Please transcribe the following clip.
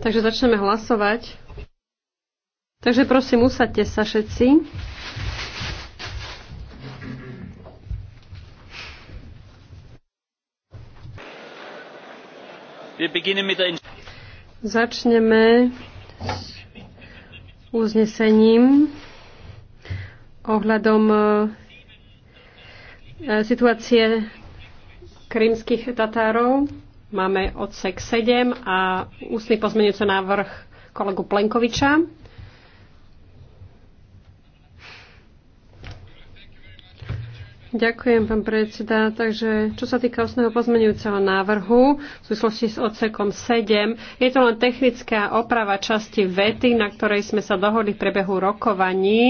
Takže začneme hlasovať. Takže prosím, usadte sa všetci. Začneme s uznesením ohľadom e, e, situácie krímskych Tatárov. Máme odsek 7 a ústny pozmeňujúci návrh kolegu Plenkoviča. Ďakujem, pán predseda. Takže čo sa týka osného pozmenujúceho návrhu v súvislosti s odsekom 7, je to len technická oprava časti vety, na ktorej sme sa dohodli v prebehu rokovaní.